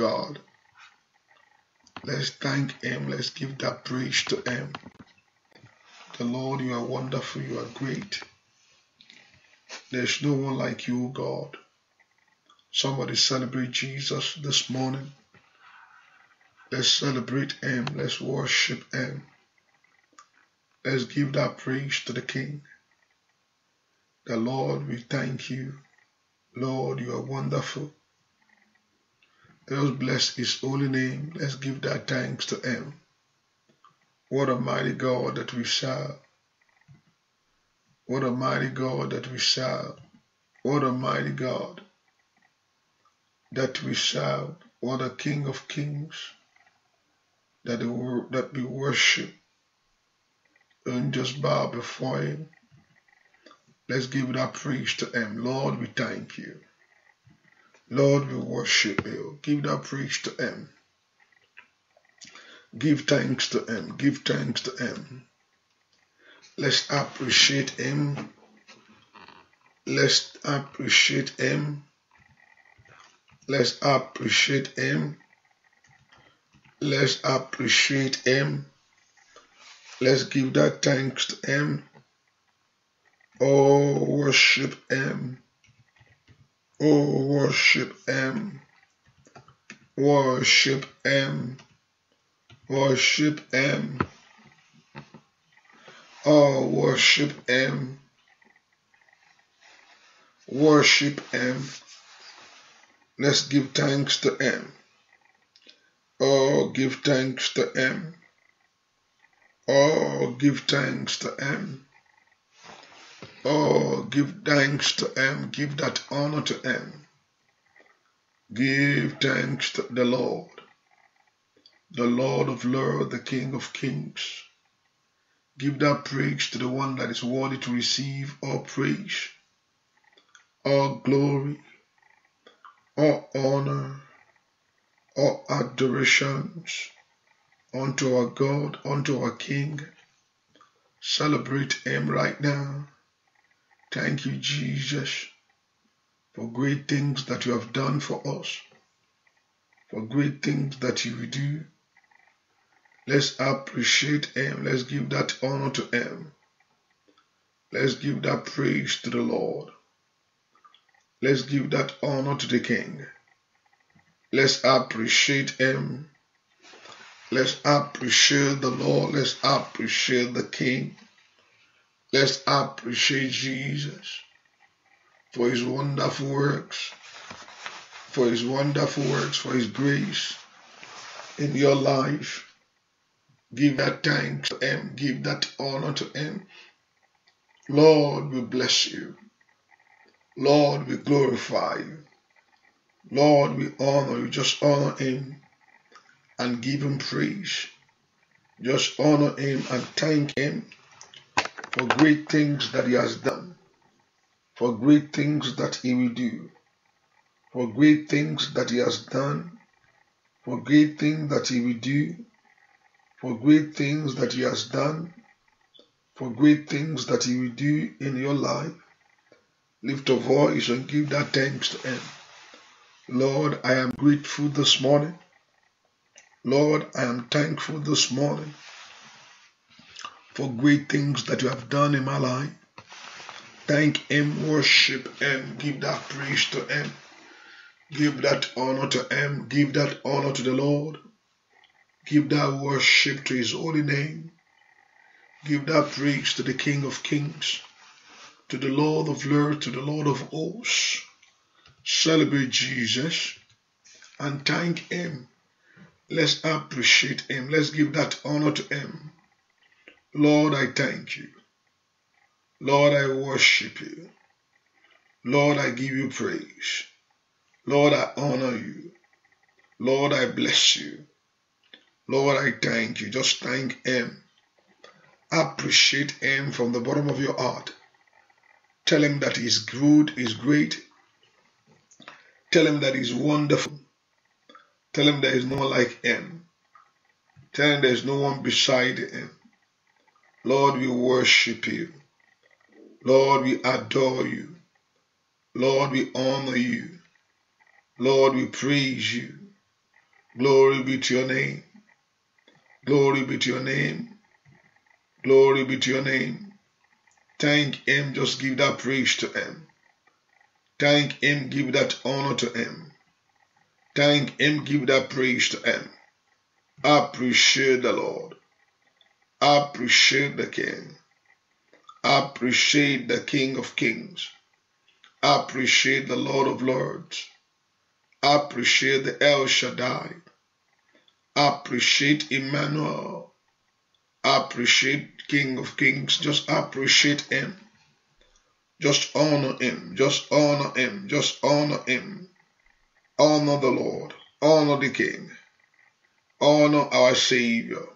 God. Let's thank Him. Let's give that praise to Him. The Lord, you are wonderful. You are great. There's no one like you, God. Somebody celebrate Jesus this morning. Let's celebrate Him. Let's worship Him. Let's give that praise to the King. The Lord, we thank you. Lord, you are wonderful. Let us bless His holy name. Let's give that thanks to Him. What a mighty God that we serve. What a mighty God that we serve. What a mighty God that we serve. What a King of kings that, that we worship and just bow before Him. Let's give that praise to Him. Lord, we thank you. Lord, we worship you. Give that praise to Him. Give thanks to Him. Give thanks to Him. Let's appreciate Him. Let's appreciate Him. Let's appreciate Him. Let's appreciate Him. Let's give that thanks to Him. Oh, worship Him. Oh, worship Him. Worship Him. Worship Him. Oh, worship Him. Worship Him. Let's give thanks to Him. Oh, give thanks to Him. Oh, give thanks to Him. Oh, give thanks to Him. Give that honor to Him. Give thanks to the Lord, the Lord of Lords, the King of Kings. Give that praise to the one that is worthy to receive all praise, all glory, all honor, all adorations unto our God, unto our King. Celebrate Him right now. Thank you, Jesus, for great things that you have done for us, for great things that you will do. Let's appreciate Him. Let's give that honor to Him. Let's give that praise to the Lord. Let's give that honor to the King. Let's appreciate Him. Let's appreciate the Lord. Let's appreciate the King. Let's appreciate Jesus for his wonderful works, for his wonderful works, for his grace in your life. Give that thanks to him, give that honor to him. Lord, we bless you. Lord, we glorify you. Lord, we honor you. Just honor him and give him praise. Just honor him and thank him for great things that He has done, for great things that He will do, for great things that He has done, for great things that He will do, for great things that He has done, for great things that He will do in your life. Lift a voice and give that thanks to Him. Lord, I am grateful this morning. Lord, I am thankful this morning for great things that you have done in my life. Thank Him, worship Him, give that praise to Him, give that honor to Him, give that honor to the Lord, give that worship to His holy name, give that praise to the King of Kings, to the Lord of Lords, to the Lord of Hosts. Celebrate Jesus and thank Him. Let's appreciate Him, let's give that honor to Him. Lord, I thank you. Lord, I worship you. Lord, I give you praise. Lord, I honor you. Lord, I bless you. Lord, I thank you. Just thank Him. Appreciate Him from the bottom of your heart. Tell Him that He's good, He's great. Tell Him that He's wonderful. Tell Him there is no one like Him. Tell Him there is no one beside Him. Lord, we worship you. Lord, we adore you. Lord, we honor you. Lord, we praise you. Glory be to your name. Glory be to your name. Glory be to your name. Thank Him. Just give that praise to Him. Thank Him. Give that honor to Him. Thank Him. Give that praise to Him. Appreciate the Lord. Appreciate the King. Appreciate the King of Kings. Appreciate the Lord of Lords. Appreciate the El Shaddai. Appreciate Emmanuel. Appreciate King of Kings. Just appreciate Him. Just honor Him. Just honor Him. Just honor Him. Honor the Lord. Honor the King. Honor our Savior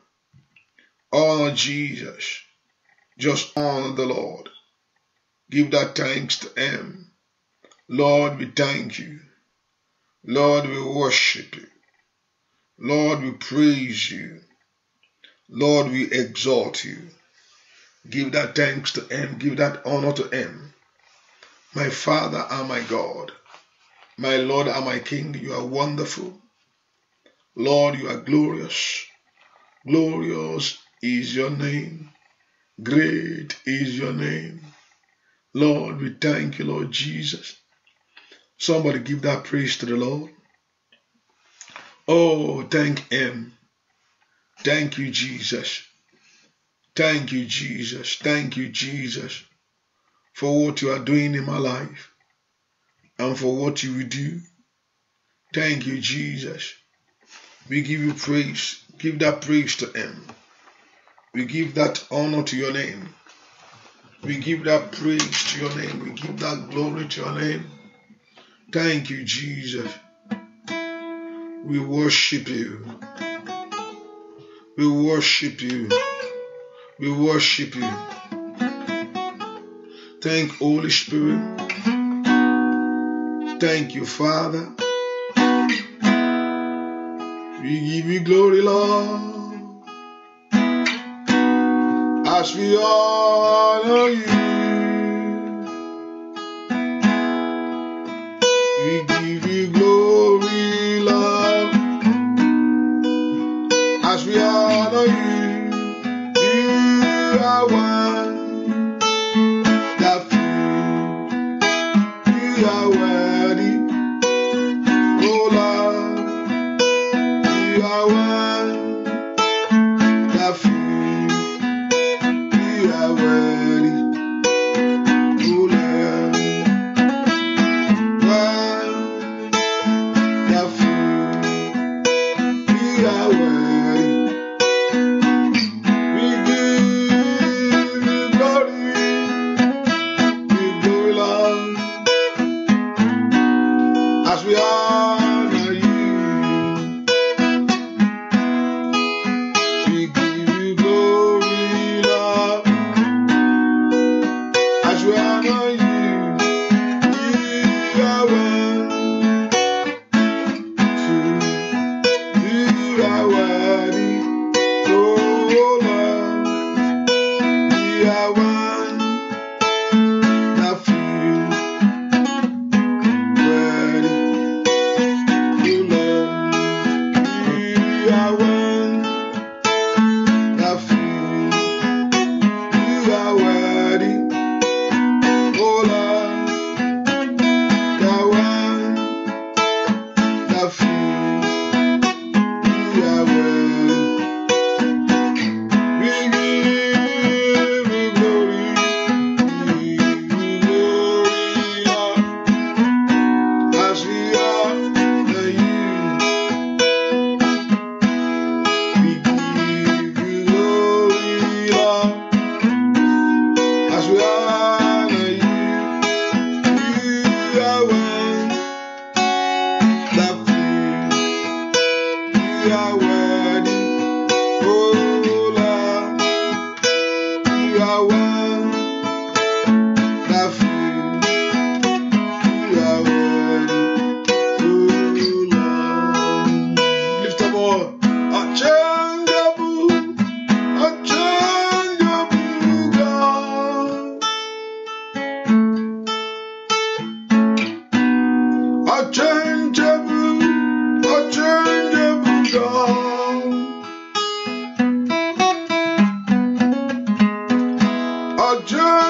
Honor Jesus. Just honor the Lord. Give that thanks to Him. Lord, we thank you. Lord, we worship you. Lord, we praise you. Lord, we exalt you. Give that thanks to Him. Give that honor to Him. My Father and my God, my Lord and my King, you are wonderful. Lord, you are glorious. Glorious is your name. Great is your name. Lord, we thank you, Lord Jesus. Somebody give that praise to the Lord. Oh, thank Him. Thank you, Jesus. Thank you, Jesus. Thank you, Jesus, for what you are doing in my life and for what you will do. Thank you, Jesus. We give you praise. Give that praise to Him. We give that honor to your name. We give that praise to your name. We give that glory to your name. Thank you, Jesus. We worship you. We worship you. We worship you. Thank Holy Spirit. Thank you, Father. We give you glory, Lord we all know you.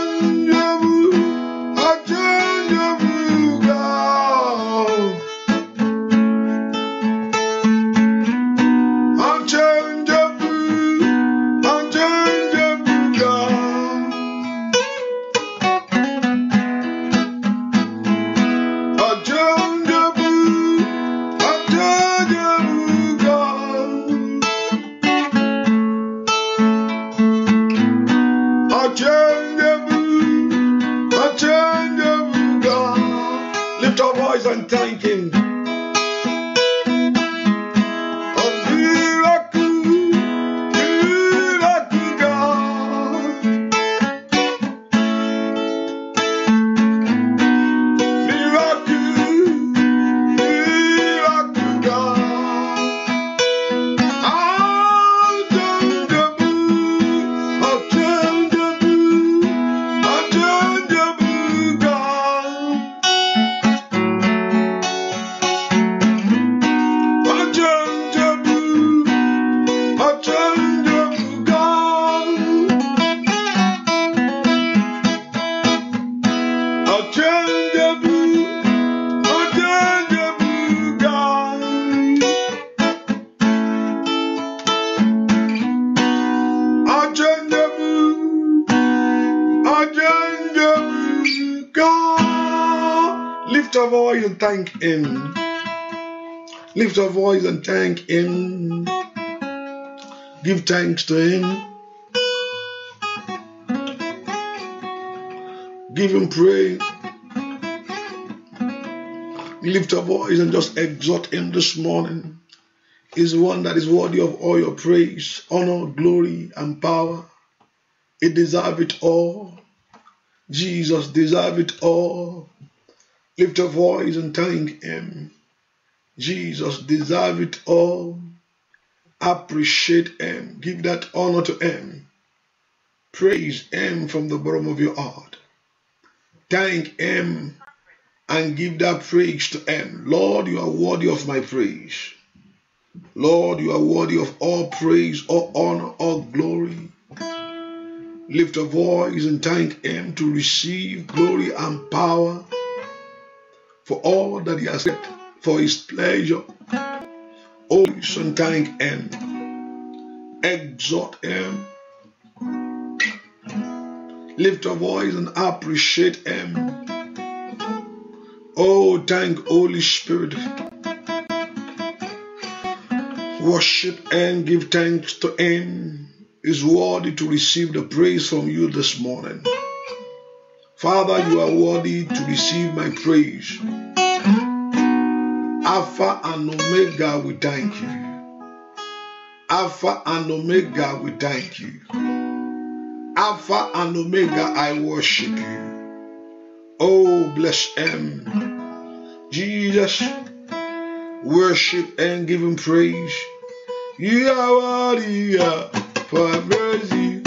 thank you lift your voice and thank Him. Give thanks to Him. Give Him praise. Lift a voice and just exhort Him this morning. He's one that is worthy of all your praise, honor, glory, and power. He deserves it all. Jesus deserves it all. Lift your voice and thank Him. Jesus, deserve it all. Appreciate Him. Give that honor to Him. Praise Him from the bottom of your heart. Thank Him and give that praise to Him. Lord, you are worthy of my praise. Lord, you are worthy of all praise, all honor, all glory. Lift a voice and thank Him to receive glory and power for all that He has done for his pleasure. oh, sometime Him, exhort him, lift a voice and appreciate him. Oh, thank Holy Spirit. Worship and give thanks to him. Is worthy to receive the praise from you this morning. Father, you are worthy to receive my praise. Alpha and Omega, we thank you. Alpha and Omega, we thank you. Alpha and Omega, I worship you. Oh, bless him. Jesus, worship and give him praise. You are worthy for mercy.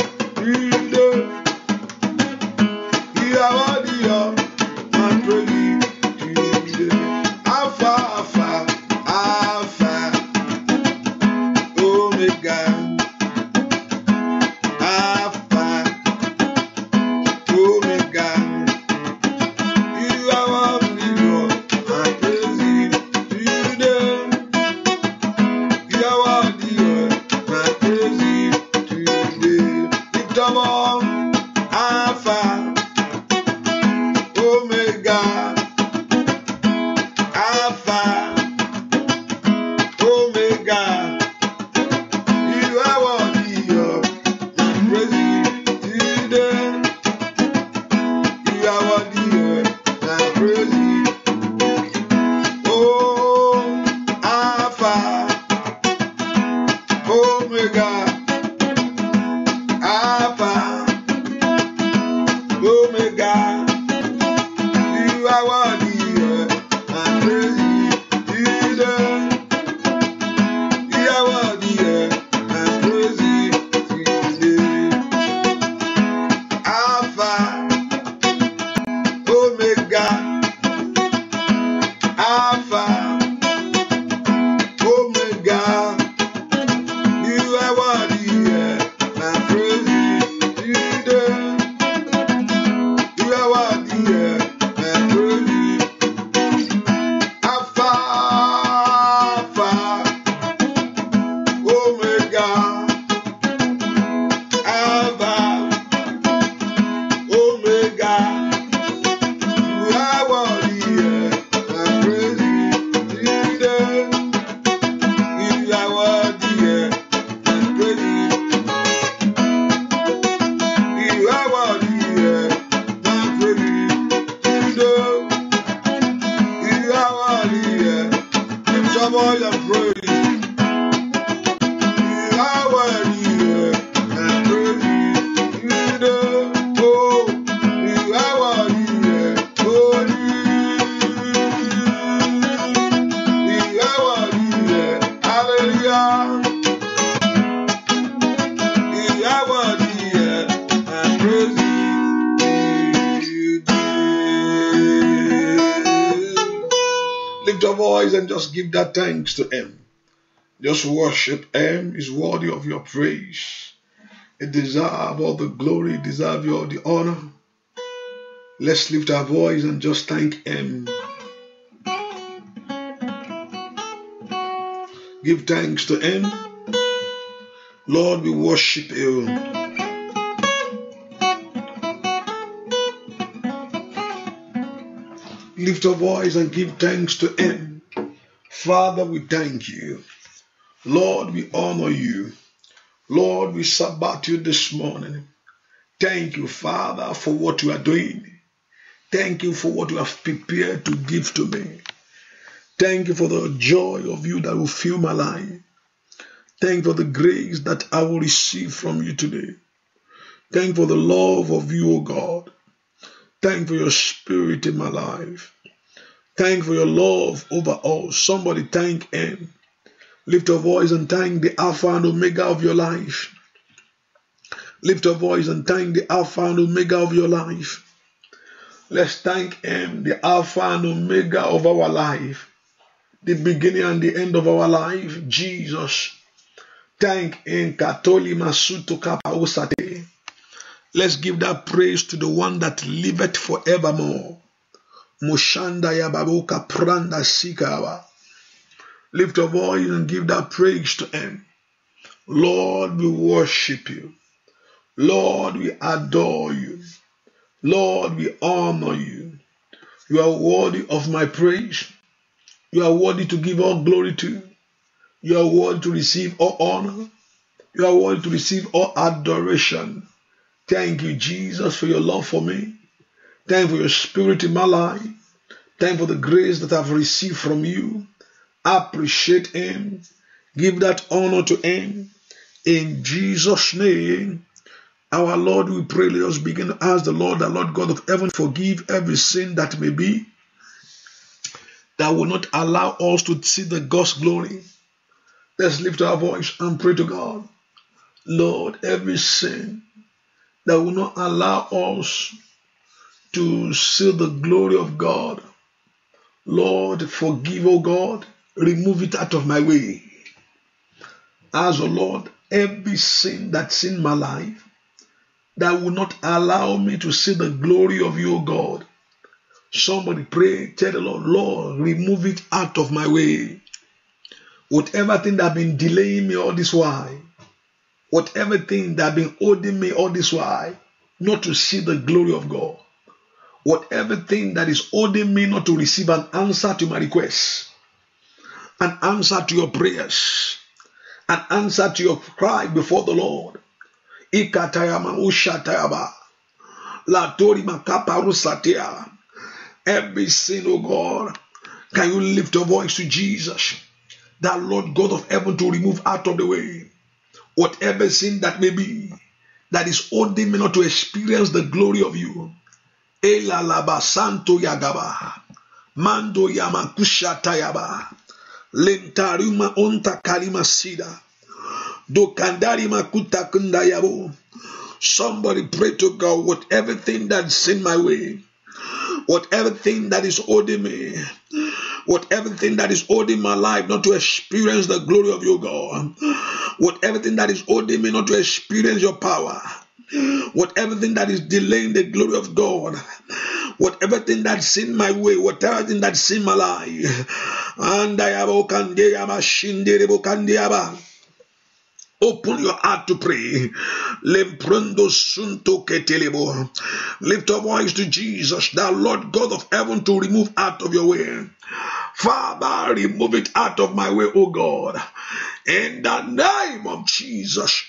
lift your voice and just give that thanks to Him. Just worship Him. He's worthy of your praise. He deserves all the glory, deserves all the honor. Let's lift our voice and just thank Him. Give thanks to Him. Lord, we worship you. Lift your voice and give thanks to Him. Father, we thank you. Lord, we honor you. Lord, we sabbat you this morning. Thank you, Father, for what you are doing. Thank you for what you have prepared to give to me. Thank you for the joy of you that will fill my life. Thank you for the grace that I will receive from you today. Thank you for the love of you, O God. Thank you for your spirit in my life. Thank for your love over all. Somebody thank Him. Lift your voice and thank the Alpha and Omega of your life. Lift your voice and thank the Alpha and Omega of your life. Let's thank Him, the Alpha and Omega of our life, the beginning and the end of our life, Jesus. Thank Him, Katoli Masuto Kapaosate. Let's give that praise to the one that liveth forevermore. Mushanda Yabaruka Pranda Sikawa. Lift your voice and give that praise to Him. Lord, we worship you. Lord, we adore you. Lord, we honor you. You are worthy of my praise. You are worthy to give all glory to. You are worthy to receive all honor. You are worthy to receive all adoration. Thank you, Jesus, for your love for me. Thank for your spirit in my life. Thank for the grace that I've received from you. Appreciate Him. Give that honor to Him. In Jesus' name, our Lord, we pray. Let us begin to ask the Lord, the Lord God of heaven, forgive every sin that may be that will not allow us to see the God's glory. Let's lift our voice and pray to God. Lord, every sin that will not allow us to see the glory of God. Lord, forgive, O oh God, remove it out of my way. As, O oh Lord, every sin that's in my life that will not allow me to see the glory of you, God. Somebody pray, tell the Lord, Lord, remove it out of my way. Whatever thing that has been delaying me all this while, whatever thing that has been holding me all this while, not to see the glory of God whatever thing that is holding me not to receive an answer to my request, an answer to your prayers, an answer to your cry before the Lord. Every sin, God, can you lift your voice to Jesus, that Lord God of heaven, to remove out of the way whatever sin that may be that is holding me not to experience the glory of you Ela Elalaba santo yagaba. Mando yamakusha tayaba. Lentaruma onta kalima sida. Dokandari makuta kundayabo. Somebody pray to God with everything that's in my way. Whatever thing that is holding me, whatever thing that is holding my life not to experience the glory of your God, whatever thing that is holding me not to experience your power, Whatever thing that is delaying the glory of God, whatever thing that's in my way, whatever thing that's in my life, and I have Open your heart to pray. sunto Lift your voice to Jesus, the Lord God of heaven, to remove out of your way. Father, remove it out of my way, O God. In the name of Jesus,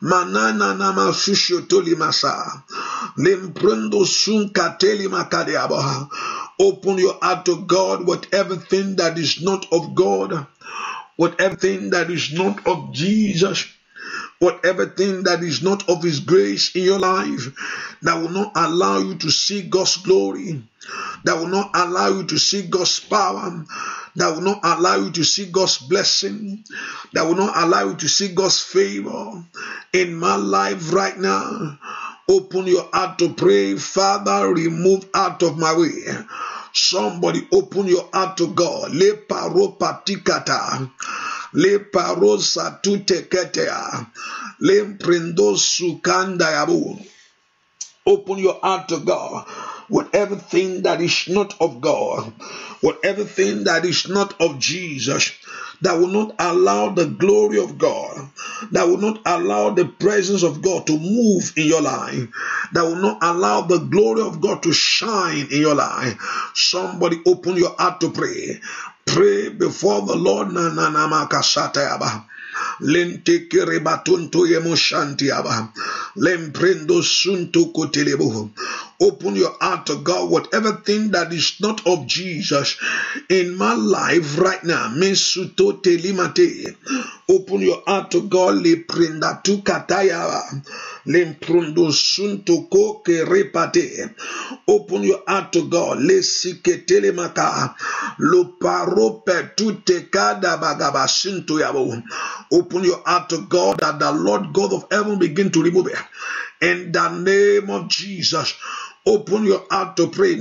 manana na mashusho masa lemprendo sun kateli aboha. open your heart to God with everything that is not of God with everything that is not of Jesus whatever thing that is not of His grace in your life that will not allow you to see God's glory, that will not allow you to see God's power, that will not allow you to see God's blessing, that will not allow you to see God's favor in my life right now. Open your heart to pray, Father, remove out of my way. Somebody open your heart to God. Le paro patikata ketea, tuteketea lemprendo sukanda yabu open your heart to God with everything that is not of God, with everything that is not of Jesus, that will not allow the glory of God, that will not allow the presence of God to move in your life, that will not allow the glory of God to shine in your life. Somebody open your heart to pray. Pray before the Lord. Lentekere batunto yemushantiaba. Lemprendo sunto kotelebuhu. Open your heart to God. Whatever thing that is not of Jesus in my life right now, Mesuto Telimate. Open your heart to God. Le prenda tu kataya. Le prundo sunto koke repate. Open your heart to God. Le sike maka Lo parope tu te bagaba sunto yabo. Open your heart to God that the Lord God of heaven begin to remove it. In the name of Jesus. Open your heart to pray.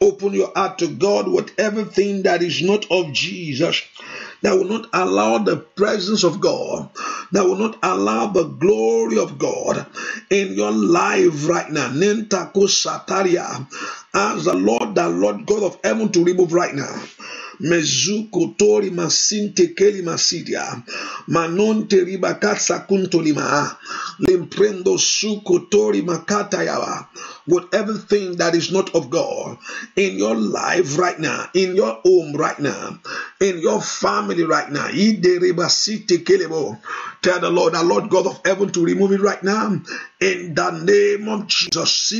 Open your heart to God with everything that is not of Jesus, that will not allow the presence of God, that will not allow the glory of God in your life right now. Ask the Lord, the Lord God of heaven, to remove right now. mezuko tori masinte keli masidia manonte ribakatsa kuntolima limprendo suko tori makata yaba with everything that is not of God in your life right now, in your home right now, in your family right now. Tell the Lord, the Lord God of heaven, to remove it right now. In the name of Jesus.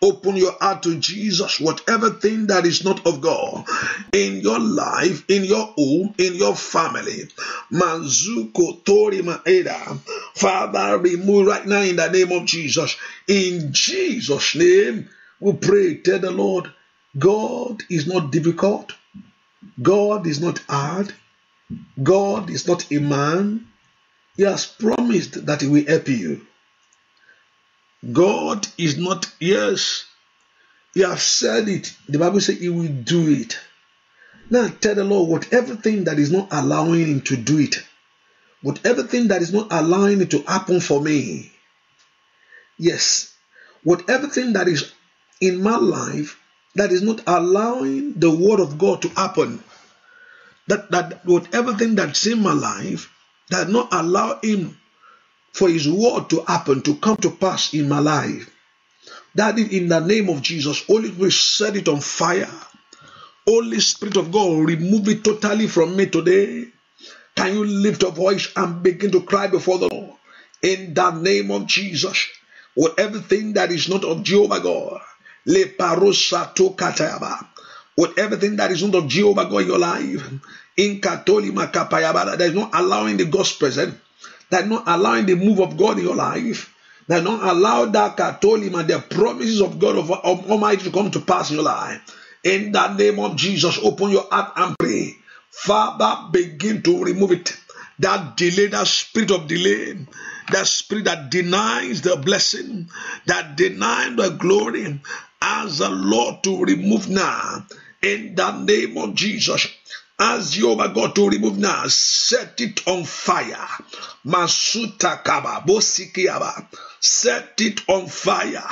Open your heart to Jesus, whatever thing that is not of God in your life, in your home, in your family. Manzuko Tori Maeda. Father, remove right now in the name of Jesus. In Jesus' name, we pray. Tell the Lord, God is not difficult. God is not hard. God is not a man. He has promised that He will help you. God is not, yes, He has said it. The Bible says He will do it. Now tell the Lord what everything that is not allowing Him to do it, what everything that is not allowing it to happen for me, Yes, whatever thing that is in my life that is not allowing the word of God to happen, that, that whatever thing that's in my life that not allow him for his word to happen, to come to pass in my life. That in the name of Jesus, Holy Spirit set it on fire. Holy Spirit of God, remove it totally from me today. Can you lift your voice and begin to cry before the Lord? In the name of Jesus, or everything that is not of Jehovah God. Le parosato katayaba. Or everything that is not of Jehovah God in your life. In katolima kapayaba. That is not allowing the God's presence. Eh? That is not allowing the move of God in your life. That is not allowing that katolima, the promises of God of, of Almighty to come to pass in your life. In the name of Jesus, open your heart and pray. Father, begin to remove it. That delay, that spirit of delay that spirit that denies the blessing, that denies the glory, as the Lord to remove now in the name of Jesus. you Jehovah God to remove now. Set it on fire. Masuta kaba bosikiaba. Set it on fire.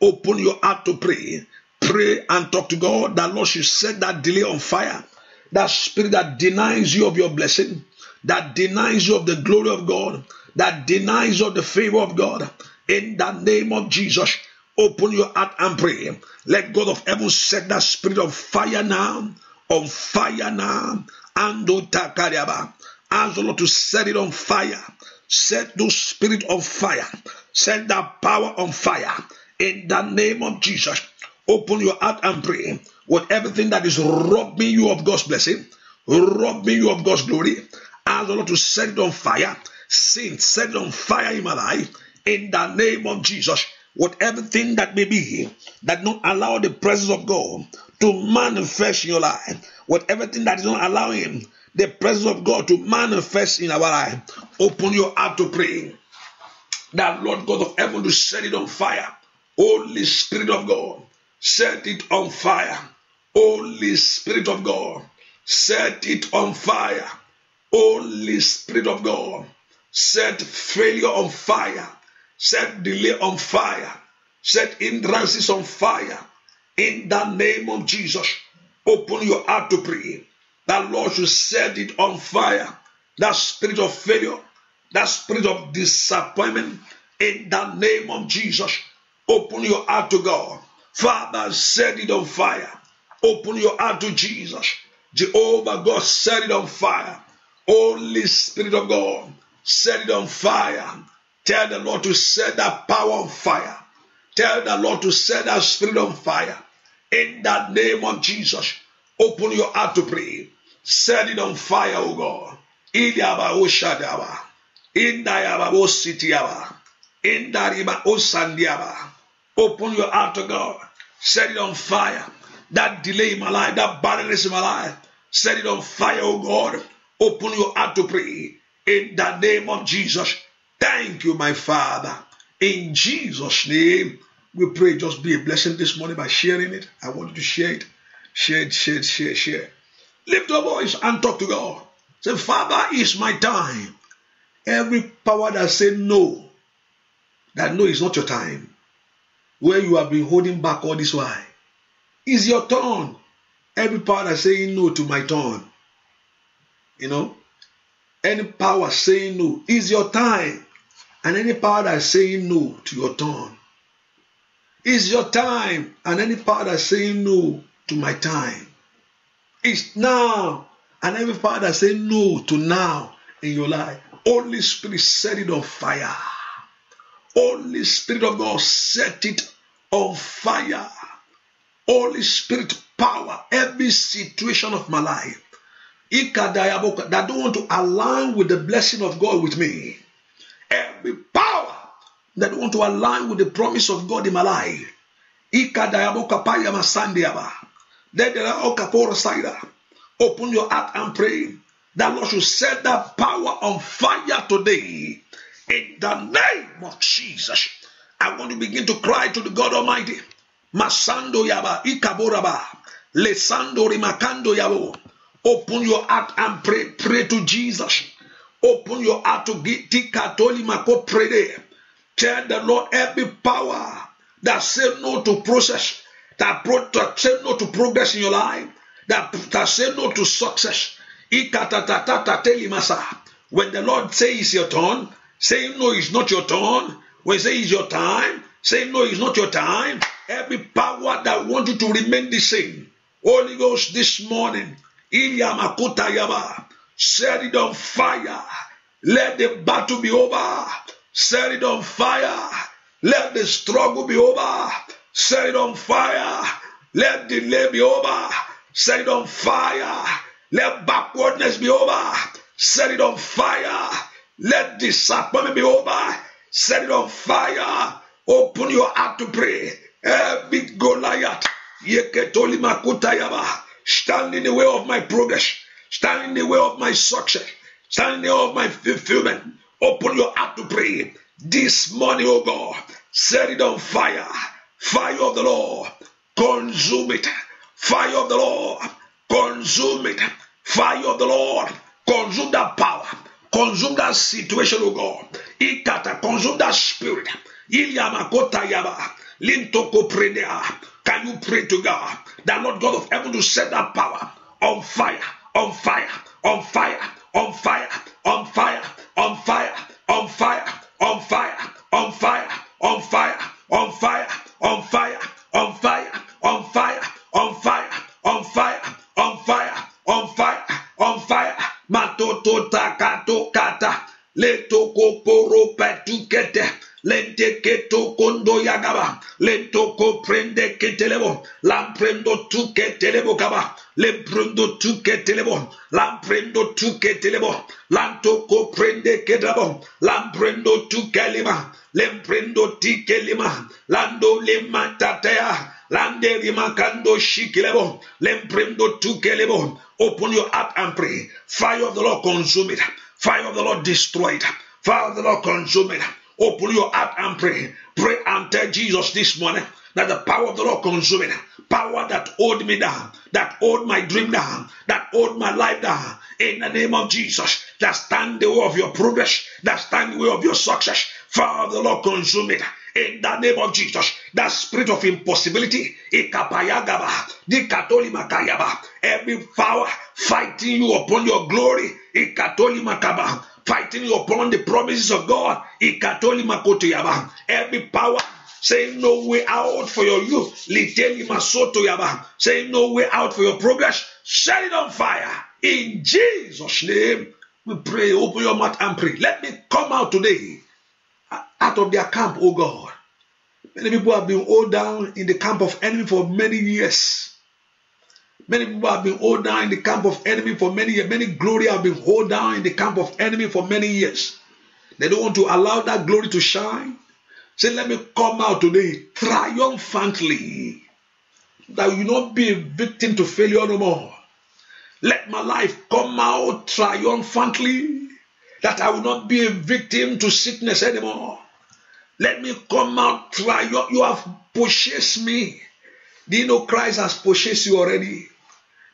Open your heart to pray. Pray and talk to God. That Lord should set that delay on fire. That spirit that denies you of your blessing, that denies you of the glory of God, that denies of the favor of God, in the name of Jesus, open your heart and pray. Let God of heaven set that spirit of fire now, on fire now, and takariaba. Ask the Lord to set it on fire. Set the spirit on fire. Set that power on fire. In the name of Jesus, open your heart and pray. With everything that is robbing you of God's blessing, robbing you of God's glory, ask the Lord to set it on fire sin set on fire in my life in the name of Jesus. Whatever thing that may be that don't allow the presence of God to manifest in your life, whatever thing that is not allowing the presence of God to manifest in our life, open your heart to pray. That Lord God of heaven to set it on fire. Holy Spirit of God, set it on fire. Holy Spirit of God, set it on fire. Holy Spirit of God, set failure on fire, set delay on fire, set hindrances on fire. In the name of Jesus, open your heart to pray. That Lord should set it on fire. That spirit of failure, that spirit of disappointment, in the name of Jesus, open your heart to God. Father, set it on fire. Open your heart to Jesus. Jehovah God, set it on fire. Holy Spirit of God, set it on fire. Tell the Lord to set that power on fire. Tell the Lord to set that spirit on fire. In the name of Jesus, open your heart to pray. Set it on fire, O God. In the Idiabaoshadaba. Indayababositiaba. Indaribaosandiaba. Open your heart to God. Set it on fire. That delay in my life, that barrenness in my life. Set it on fire, O God. Open your heart to pray. in the name of Jesus. Thank you, my Father. In Jesus' name, we pray. Just be a blessing this morning by sharing it. I want you to share it. Share it, share it, share, share. Lift your voice and talk to God. Say, Father, it's my time. Every power that say no, that no is not your time, where you have been holding back all this while, is your turn. Every power that saying no to my turn. You know, any power saying no is your time. And any power that's saying no to your turn is your time. And any power that's saying no to my time is now. And every power that's saying no to now in your life, Holy Spirit set it on fire. Holy Spirit of God set it on fire. Holy Spirit power every situation of my life that don't want to align with the blessing of God with me. Every power that want to align with the promise of God in my life. Open your heart and pray that Lord should set that power on fire today. In the name of Jesus, I want to begin to cry to the God Almighty. Masando yaba ikaboraba lesando rimakando yabo. Open your heart and pray. Pray to Jesus. Open your heart to Tikatolimako pray. Tell the Lord every power that said no to process, that, pro- that said no to progress in your life, that, that said no to success. When the Lord says it's your turn, say no, it's not your turn. When he says it's your time, say no, it's not your time. Every power that wants you to remain the same. Holy Ghost, this morning, Iyamakota Yaba. Set it on fire. Let the battle be over. Set it on fire. Let the struggle be over. Set it on fire. Let delay be over. Set it on fire. Let backwardness be over. Set it on fire. Let disappointment be over. Set it on fire. Open your heart to pray. Every Goliath. Yeketoli yaba stand in the way of my progress, stand in the way of my success, stand in the way of my fulfillment. Open your heart to pray this morning, oh God. Set it on fire, fire of the Lord, consume it, fire of the Lord, consume it, fire of the Lord, consume that power, consume that situation, oh God. Ikata, consume that spirit. Ilyama kota yaba, Can you pray to God? the Lord God of heaven to set that power on fire, on fire, on fire, on fire, on fire, on fire, on fire, on fire, on fire, on fire, on fire, on fire, on fire, on fire, on fire, on fire, on fire, on fire, on fire, matoto takato kata, letoko poro patukete, lente keto kondo yagaba, lentoko prende ketelebo, la Lamprendo tu que tu que tu que prende que tu que lima. ti que lima. rima tu que Open your heart and pray. Fire of the Lord consume it. Fire of the Lord destroy it. Fire of the Lord consume it. Open your heart and pray. Pray and tell Jesus this morning that the power of the Lord consume it. Power that hold me down, that hold my dream down, that hold my life down. In the name of Jesus, that stand the way of your progress, that stand the way of your success. Father, the Lord, consume it. In the name of Jesus, that spirit of impossibility, every power fighting you upon your glory, fighting you upon the promises of God, every power saying no way out for your youth. Saying no way out for your progress. Set it on fire. In Jesus' name, we pray. Open your mouth and pray. Let me come out today out of their camp, oh God. Many people have been hold down in the camp of enemy for many years. Many people have been hold down in the camp of enemy for many years. Many glory have been hold down in the camp of enemy for many years. They don't want to allow that glory to shine. Say, let me come out today triumphantly. That you not be a victim to failure no more. Let my life come out triumphantly. That I will not be a victim to sickness anymore. Let me come out triumph. You have purchased me. Do you know Christ has purchased you already?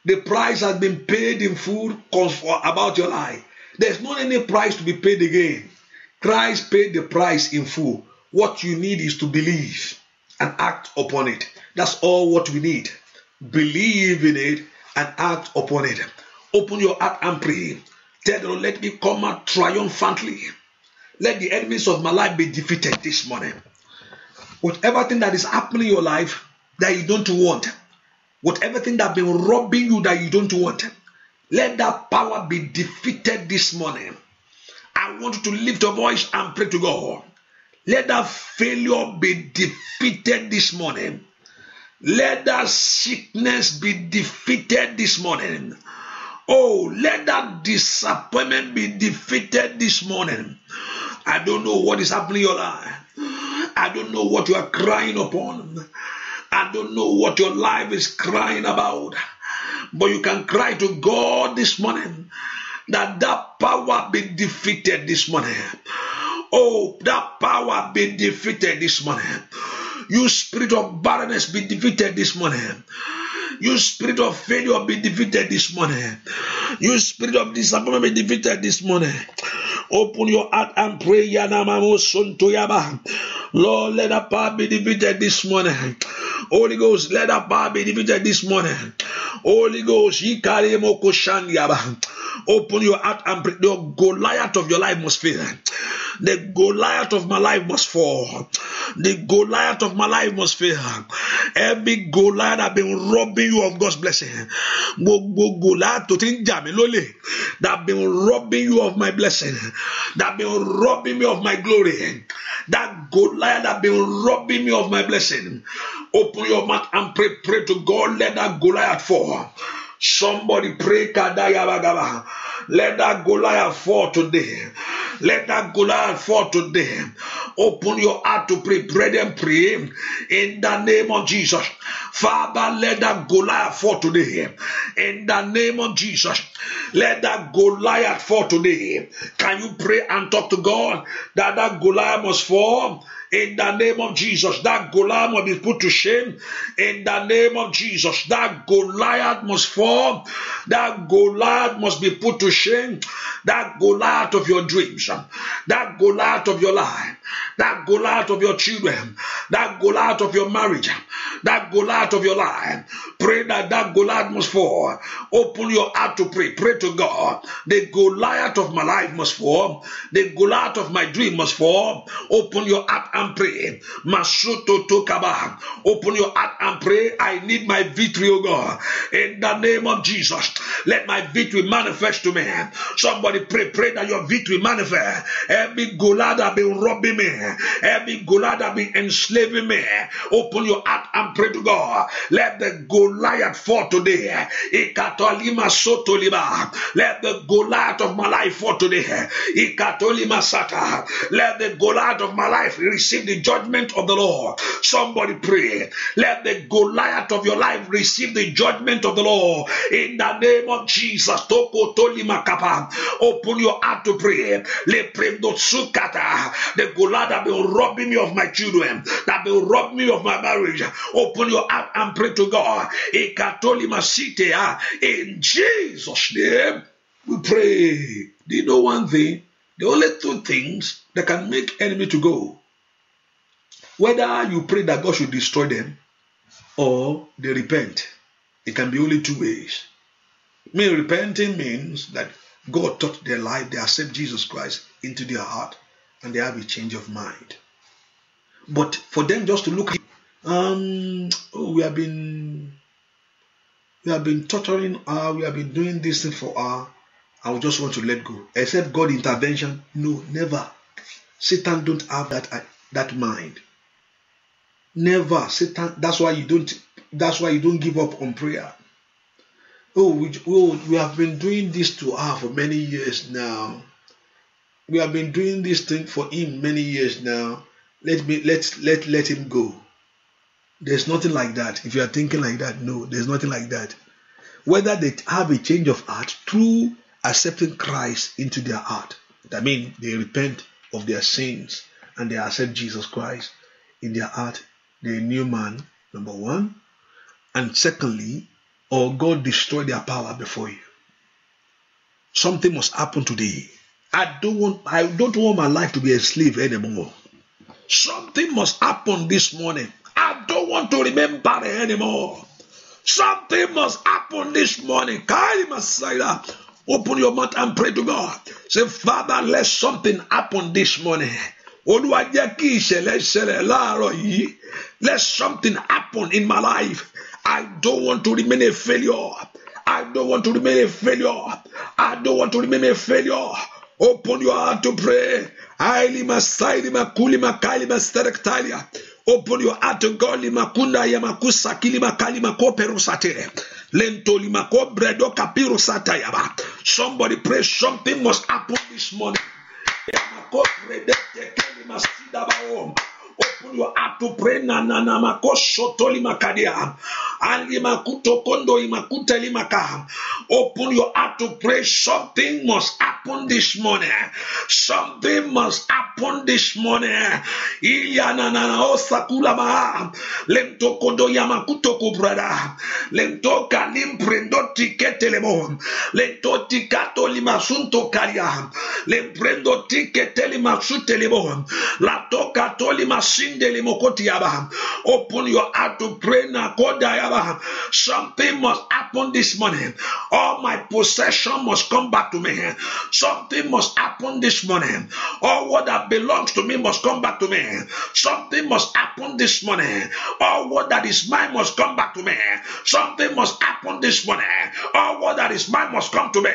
The price has been paid in full about your life. There's not any price to be paid again. Christ paid the price in full. What you need is to believe and act upon it. That's all what we need. Believe in it and act upon it. Open your heart and pray. Tell the Lord, let me come out triumphantly. Let the enemies of my life be defeated this morning. Whatever thing that is happening in your life that you don't want, whatever thing that been robbing you that you don't want, let that power be defeated this morning. I want you to lift your voice and pray to God. Let that failure be defeated this morning. Let that sickness be defeated this morning. Oh, let that disappointment be defeated this morning. I don't know what is happening in your life. I don't know what you are crying upon. I don't know what your life is crying about. But you can cry to God this morning that that power be defeated this morning. Oh, that power be defeated this morning. You spirit of barrenness be defeated this morning. You spirit of failure be defeated this morning. You spirit of disappointment be defeated this morning. Open your heart and pray. Lord, let that power be defeated this morning. Holy Ghost, let that power be defeated this morning. Holy Ghost, open your heart and pray. The Goliath of your life must fail. The Goliath of my life must fall. The Goliath of my life must fail. Every Goliath that been robbing you of God's blessing. Gbogbo Goliath to ti ń jà that been robbing you of my blessing. That been robbing me of my glory. That Goliath that been robbing me of my blessing. Open your mouth and pray, pray to God. Let that Goliath fall. Somebody pray, Let that Goliath fall today. Let that Goliath fall today. Open your heart to pray. Pray and pray in the name of Jesus. Father, let that Goliath fall today. In the name of Jesus, let that Goliath fall today. Can you pray and talk to God that that Goliath must fall? In the name of Jesus, that Goliath must be put to shame. In the name of Jesus, that Goliath must fall. That Goliath must be put to shame. That Goliath of your dreams, that Goliath of your life, that goliath out of your children, that goliath out of your marriage, that goliath out of your life. Pray that that goliath must fall. Open your heart to pray. Pray to God. The Goliath of my life must fall. The Goliath of my dream must fall. Open your heart and pray. Masuto Tokaba. Open your heart and pray. I need my victory, O God. In the name of Jesus, let my victory manifest to me. Somebody pray, pray that your victory manifest. Every Goliath have been robbing me. Every Goliath that been enslaving me, open your heart and pray to God. Let the Goliath fall today. Ikatolima Let the Goliath of my life fall today. Ikatolima sata. Let the Goliath of my life receive the judgment of the Lord. Somebody pray. Let the Goliath of your life receive the judgment of the Lord. In the name of Jesus. Tokotolima kapa. Open your heart to pray. Le not sukata. The Goliath that will rob me of my children, that will rob me of my marriage. Open your heart and pray to God. Ah. In Jesus' name, we pray. Do you know one thing? The only two things that can make enemy to go. Whether you pray that God should destroy them or they repent. It can be only two ways. Me repenting means that God touched their life, they accept Jesus Christ into their heart and they have a change of mind. But for them just to look, um, oh, we have been, we have been torturing her, uh, we have been doing this thing for her. I just want to let go. Except God intervention, no, never. Satan don't have that uh, that mind. Never, Satan. That's why you don't. That's why you don't give up on prayer. Oh, we, oh, we have been doing this to her for many years now we have been doing this thing for him many years now. Let me let let let him go. There's nothing like that. If you are thinking like that, no, there's nothing like that. Whether they have a change of heart through accepting Christ into their heart. That means they repent of their sins and they accept Jesus Christ in their heart. They're a new man, number one. And secondly, or God destroy their power before you. Something must happen today. I don't want I don't want my life to be a slave anymore. Something must happen this morning. I don't want to remember anymore. Something must happen this morning. Open your mouth and pray to God. Say, Father, let something happen this morning. kí Let something happen in my life. I don't want to remain a failure. I don't want to remain a failure. I don't want to remain a failure. Open your heart to pray. Aili masaili makuli makali masterektalia. Open your heart to God limakunda ya makusa kili makali makoperu satire. Lentoli makobredo kapiru satayaba. Somebody pray something must happen this morning. Makobrede tekeli masida baoma. You have to pray na na na makosho toli makadia. Ali makuto kondo imakuta limaka. Open your heart to pray. Something must happen this morning. Something must happen this morning. Iya na na na osakula ma. Lento kondo yamakuto kubrada. Lento kalim prendo tikete lemo. Lento tikato limasunto kalia. Lemprendo tikete limasute lemo. La toka toli masin Open your heart to pray now. Something must happen this morning. All my possession must come back to me. Something must happen this morning. All what that belongs to me must come back to me. Something must happen this morning. All what that is mine must come back to me. Something must happen this morning. All what that is mine must come to me.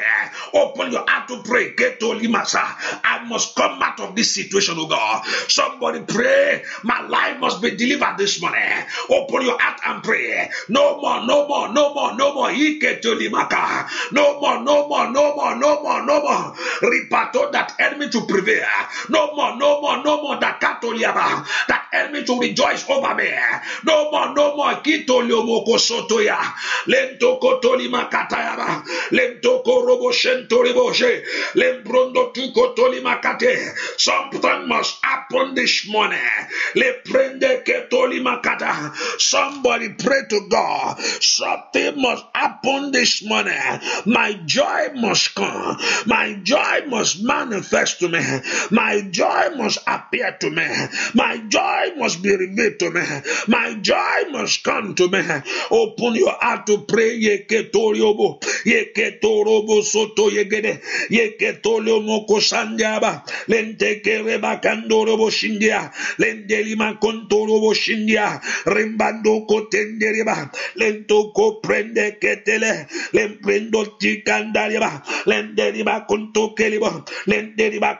Open your heart to pray. Get I must come out of this situation, oh God. Somebody pray. My life must be delivered this morning. Open your heart and pray. No more, no more, no more, no more. No more, no more, no more, no more, no more. Repato that enemy to prevail. No more, no more, no more. That Catoliaba. That enemy to rejoice over me. No more, no more. Kitoliomoko sotoya. Lento kotolima katayaba. Lento korobo shentoriboshe. Lembrondo tu kotolima kate. Something must happen this morning. Somebody pray to God. Something must happen this morning. My joy must come. My joy must manifest to me. My joy must appear to me. My joy must be revealed to me. My joy must come to me. Open your heart to pray. Yeketoriobo. Yeketorobo soto yegede. Yeketoliomoko sandiaba. Lentekere bakandorobo shindia. Lende kontorobo shindia. Rembando kotendereba. prende ketele. Lemprendo tikandareba.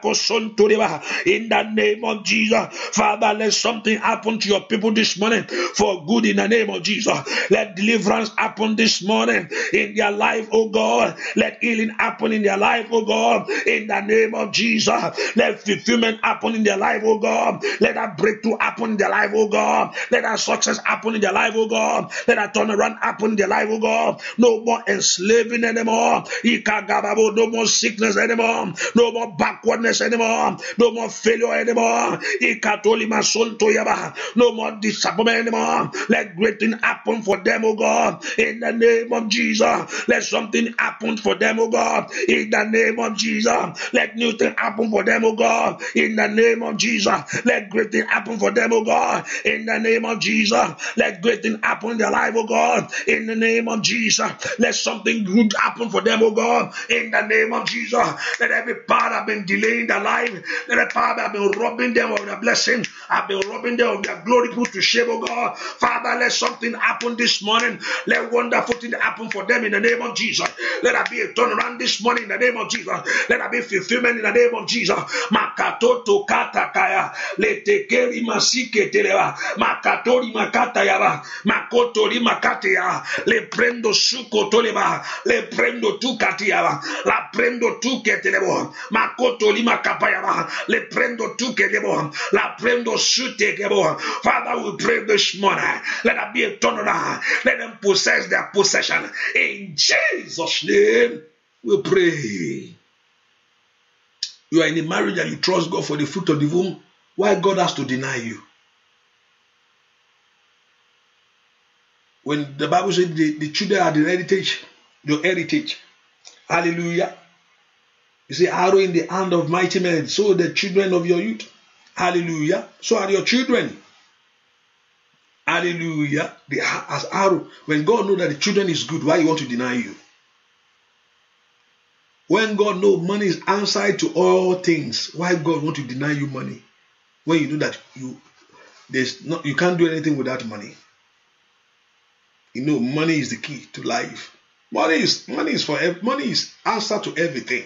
kosontoreba. In the name of Jesus. Father, let something happen to your people this morning for good in the name of Jesus. Let deliverance happen this morning in their life, oh God. Let healing happen in their life, oh God. In the name of Jesus. Let fulfillment happen in their life, oh God. Let that breakthrough breakthrough happen in their life, oh God. Let that success happen in their life, oh God. Let that turnaround happen in their life, oh God. No more enslaving anymore. No more sickness anymore. No more backwardness anymore. No more failure anymore. No more disappointment anymore. Let great things happen for them, oh God. In the name of Jesus. Let something happen for them, oh God. In the name of Jesus. Let new things happen for them, oh God. In the name of Jesus. Let great things happen for them, oh God, in the name of Jesus. Let great things happen in their life, oh God, in the name of Jesus. Let something good happen for them, oh God, in the name of Jesus. Let every power have been delaying their life, let every power have been robbing them of their blessing, have been robbing them of their glory, put to shame, oh God. Father, let something happen this morning. Let wonderful things happen for them in the name of Jesus. Let there be a turnaround this morning in the name of Jesus. Let there be fulfillment in the name of Jesus masike teleba makatori makata yaba makotori makate ya le prendo suko toleba le prendo tu katiaba la prendo tu que telebo makotori makapa yaba le prendo tu que debo la prendo su kebo Father we pray this morning let there be a turnaround let them possess their possession in Jesus name we pray you are in a marriage and you trust God for the fruit of the womb why God has to deny you. When the Bible says the, the children are the heritage, your heritage. Hallelujah. You see, arrow in the hand of mighty men, so the children of your youth. Hallelujah. So are your children. Hallelujah. They are as arrow. When God knows that the children is good, why he want to deny you? When God knows money is answer to all things, why God want to deny you money? when you do that you there's not you can't do anything without money you know money is the key to life money is money is for money is answer to everything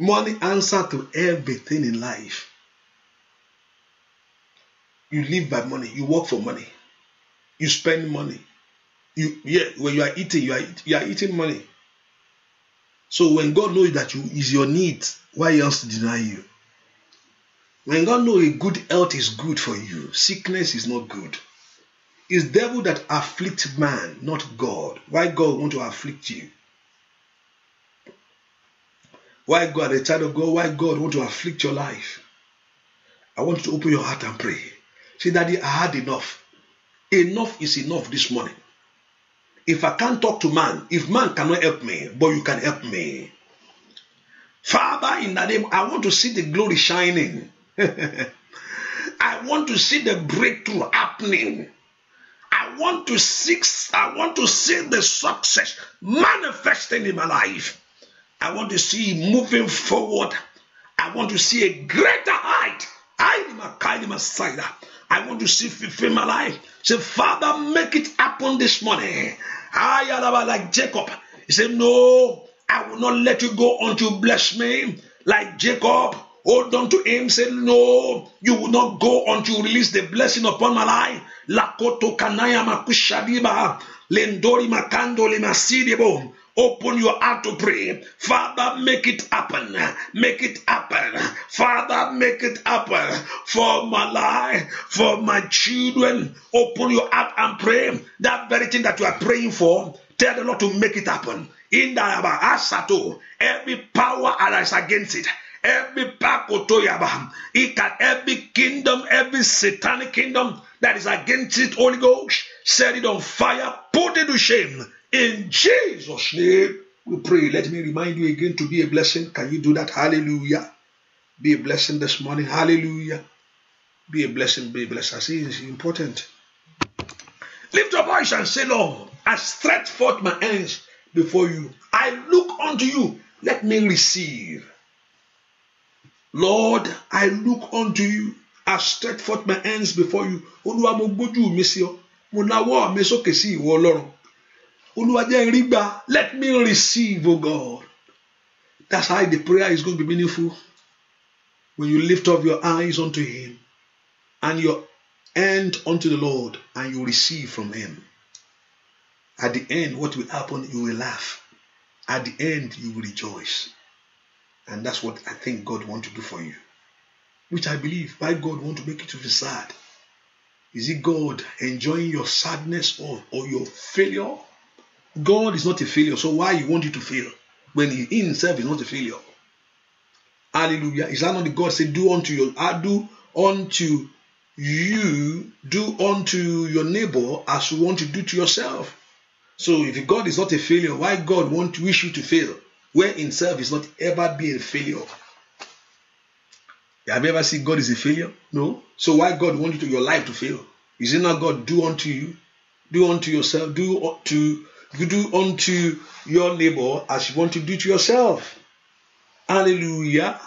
money answer to everything in life you live by money you work for money you spend money you yeah when you are eating you are, you are eating money so when god knows that you is your need why else deny you When God know a good health is good for you, sickness is not good. It's devil that afflict man, not God. Why God want to afflict you? Why God, a child of God, why God want to afflict your life? I want you to open your heart and pray. Say, Daddy, I had enough. Enough is enough this morning. If I can't talk to man, if man cannot help me, but you can help me. Father, in the name, I want to see the glory shining. I want to see the breakthrough happening. I want to seek, I want to see the success manifesting in my life. I want to see moving forward. I want to see a greater height. I want to see fulfill my life. Say, Father, make it happen this morning. I like Jacob. He said, No, I will not let you go until you bless me. Like Jacob, Hold on to him. Say, No, you will not go until you release the blessing upon my life. Lakoto kanaya makushadiba. Lendori makando lemasidebo. Open your heart to pray. Father, make it happen. Make it happen. Father, make it happen. For my life, for my children. Open your heart and pray. That very thing that you are praying for, tell the Lord to make it happen. In the Asato, every power that is against it, Every pakotoyaba, it can every kingdom, every satanic kingdom that is against it, Holy Ghost, set it on fire, put it to shame. In Jesus' name, we pray. Let me remind you again to be a blessing. Can you do that? Hallelujah. Be a blessing this morning. Hallelujah. Be a blessing, be a blessing. I see it's important. Lift your voice and say, Lord, I stretch forth my hands before you. I look unto you. Let me receive. Lord, I look unto you. I stretch forth my hands before you. Olúwa mo gbójú mi sí ọ. Mo nawọ́ mi sókè sí ìwọ Ọlọ́run. Olúwa jẹ́ gbà. Let me receive, O God. That's how the prayer is going to be meaningful. When you lift up your eyes unto Him and your hand unto the Lord and you receive from Him. At the end, what will happen? You will laugh. At the end, you will rejoice. And that's what I think God wants to do for you. Which I believe by God want to make you to be sad. Is it God enjoying your sadness or, or your failure? God is not a failure, so why you want you to fail when He Himself is not a failure? Hallelujah! Is that not the God said, "Do unto your, I uh, do unto you, do unto your neighbor as you want to do to yourself"? So if God is not a failure, why God want wish you to fail? where in self is not ever be a failure. Have you ever seen God is a failure? No. So why God want you to, your life to fail? Is it not God do unto you, do unto yourself, do unto you do unto your neighbor as you want to do to yourself? Hallelujah.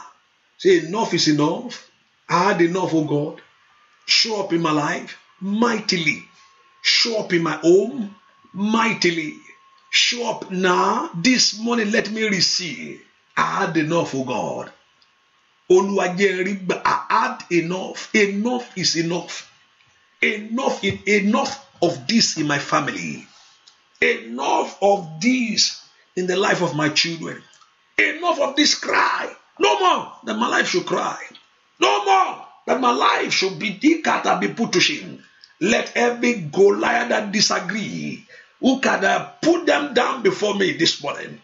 Say enough is enough. I had enough, oh God. Show up in my life mightily. Show up in my home mightily. Show up now. This morning, let me receive. I had enough, oh God. Olúwa I had enough. Enough is enough. Enough, in, enough of this in my family. Enough of this in the life of my children. Enough of this cry. No more that my life should cry. No more that my life should be decayed and be put to shame. Let every Goliath that disagree who can uh, put them down before me this morning.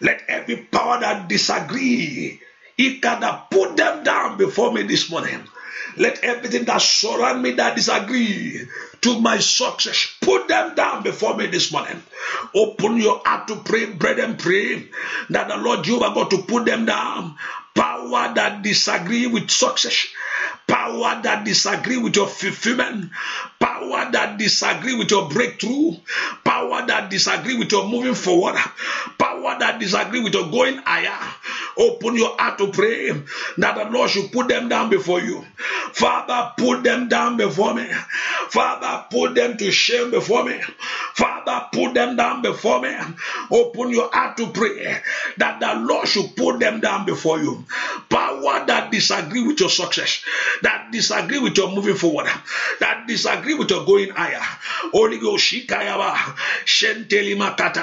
Let every power that disagree, He can uh, put them down before me this morning. Let everything that surround me that disagree to my success, put them down before me this morning. Open your heart to pray, bread and pray that the Lord you are going to put them down. Power that disagree with success, power that disagree with your fulfillment, power that disagree with your breakthrough, power that disagree with your moving forward, power that disagree with your going higher. Open your heart to pray that the Lord should put them down before you. Father, put them down before me. Father, put them to shame before me. Father, put them down before me. Open your heart to pray that the Lord should put them down before you. Power that disagree with your success, that disagree with your moving forward, that disagree with your going higher. Holy Ghost, Shikayaba, Shenteli Makata,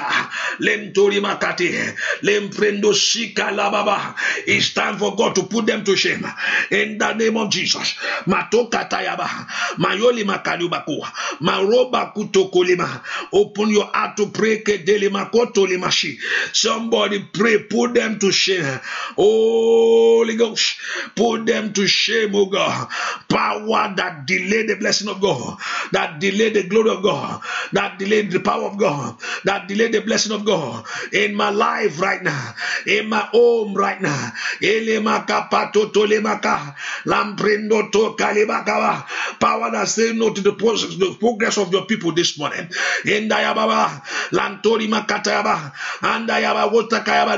Lentori Makate, Lemprendo Shikalababa. It's time for God to put them to shame. In the name of Jesus. Matoka tayaba Mayoli Makalubako, Maroba Kutokolima. Open your heart to pray. Kedelimako Somebody pray, put them to shame. Holy Ghost, put them to shame, O oh God. God, power that delayed the blessing of God, that delayed the glory of God, that delayed the power of God, that delayed the blessing of God in my life right now, in my home right now. Power that say no to the, process, the progress of your people this morning. Lantori and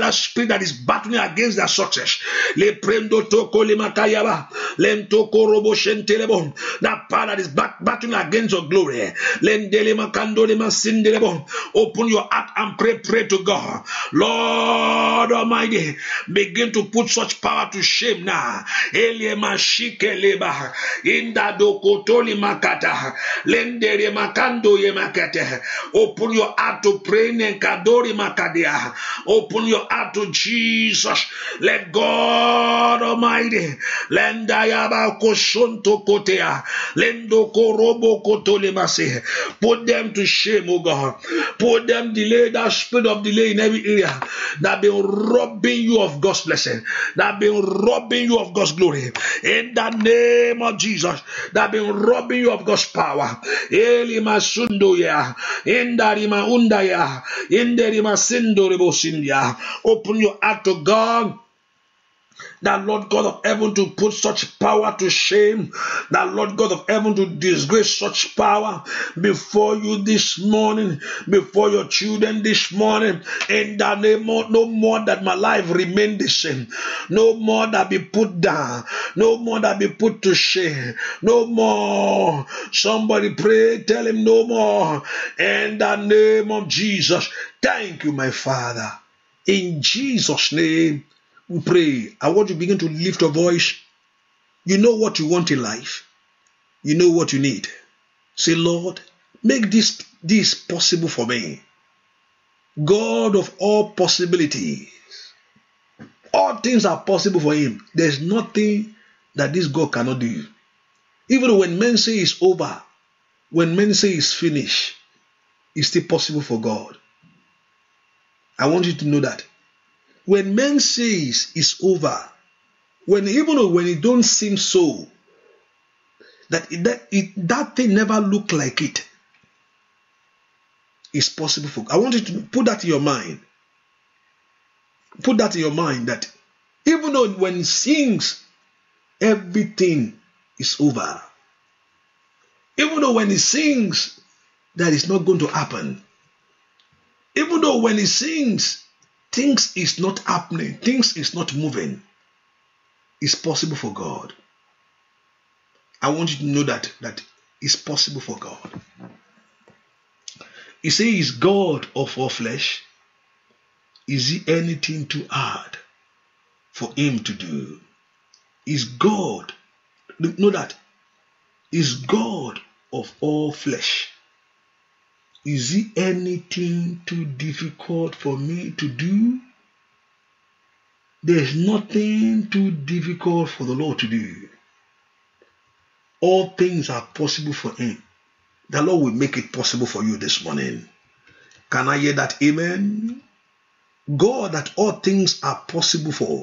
that spirit that is battling against their success. Le prendo toko le That power that is back, battling against your glory. Open your heart and pray, pray to God. Lord Almighty, begin to put such power to shame now. Open your heart to pray. Open your heart to Jesus. Let God Almighty. Lendayaba Kotea, Lendo Korobo Put them to shame, O God. Put them delay, that spirit of delay in every area that been robbing you of God's blessing, that been robbing you of God's glory. In the name of Jesus, that been robbing you of God's power. Elima ya, Indarima Undaya, Inderima Sindorebo Sindia. Open your heart to God that Lord God of heaven to put such power to shame, that Lord God of heaven to disgrace such power before you this morning, before your children this morning, in the name of no more that my life remain the same, no more that be put down, no more that be put to shame, no more. Somebody pray, tell him no more, in the name of Jesus. Thank you, my Father. In Jesus' name, pray, I want you to begin to lift your voice. You know what you want in life. You know what you need. Say, Lord, make this, this possible for me. God of all possibilities. All things are possible for him. There's nothing that this God cannot do. Even when men say it's over, when men say it's finished, it's still possible for God. I want you to know that when men says it's over, when even when it don't seem so, that that, it, that thing never look like it. It's possible for. I want you to put that in your mind. Put that in your mind that even though when it sings, everything is over. Even though when he sings, that is not going to happen. Even though when he sings, things is not happening, things is not moving, it's possible for God. I want you to know that that is possible for God. He says, God of all flesh, is he anything too hard for him to do? Is God, know that, is God of all flesh. Is it anything too difficult for me to do? There's nothing too difficult for the Lord to do. All things are possible for Him. The Lord will make it possible for you this morning. Can I hear that? Amen. God, that all things are possible for.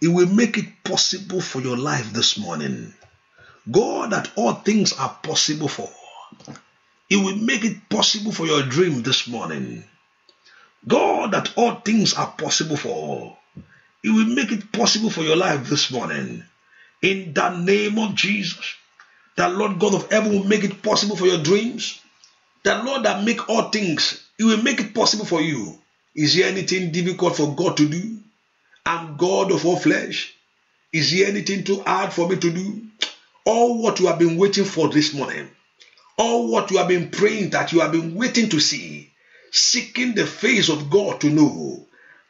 He will make it possible for your life this morning. God, that all things are possible for. He will make it possible for your dream this morning. God, that all things are possible for all. He will make it possible for your life this morning. In the name of Jesus, the Lord God of heaven will make it possible for your dreams. The Lord that make all things, He will make it possible for you. Is there anything difficult for God to do? I'm God of all flesh. Is there anything too hard for me to do? All what you have been waiting for this morning, all what you have been praying that you have been waiting to see, seeking the face of God to know,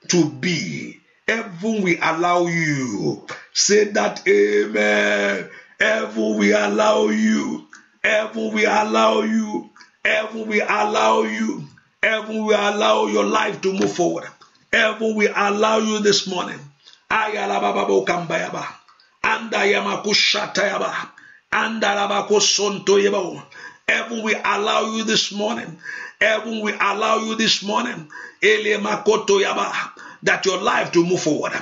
to be. Heaven will allow you. Say that, Amen. Heaven will allow you. Heaven will allow you. Heaven will allow you. Heaven will allow your life to move forward. Heaven will allow you this morning. Andayamakushatayaba. Andalabakosontoyebao. Heaven will allow you this morning. Heaven will allow you this morning. That your life to move forward.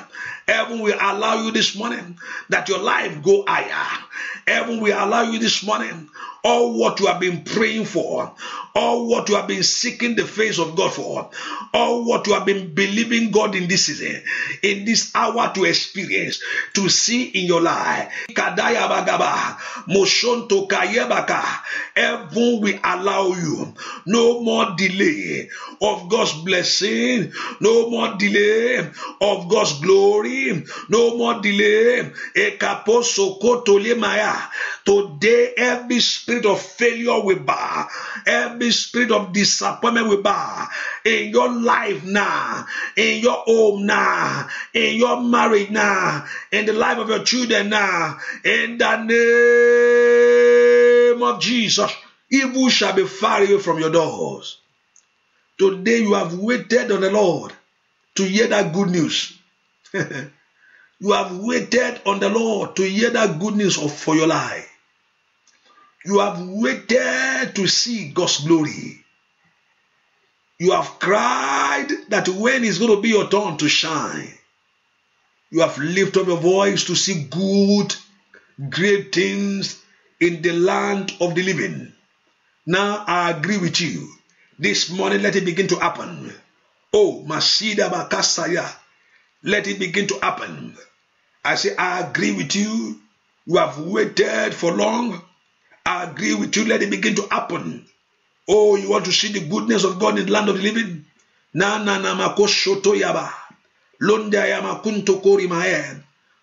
Heaven will allow you this morning that your life go higher. Heaven will allow you this morning all what you have been praying for, all what you have been seeking the face of God for, all what you have been believing God in this season, in this hour to experience, to see in your life. Heaven will allow you no more delay of God's blessing, no more delay of God's glory, no more delay. Today, every spirit of failure will bar, every spirit of disappointment will bar, in your life now, in your home now, in your marriage now, in the life of your children now, in the name of Jesus. Evil shall be far away from your doors. Today you have waited on the Lord to hear that good news. you have waited on the Lord to hear that good news of, for your life. You have waited to see God's glory. You have cried that when is going to be your turn to shine. You have lifted up your voice to see good, great things in the land of the living. Now I agree with you. This morning, let it begin to happen. Oh, Masida Bakasaya, let it begin to happen. I say, I agree with you. You have waited for long I agree with you. Let it begin to happen. Oh, you want to see the goodness of God in the land of the living? Na na na makoshoto yaba. Londe yama kunto kori mae.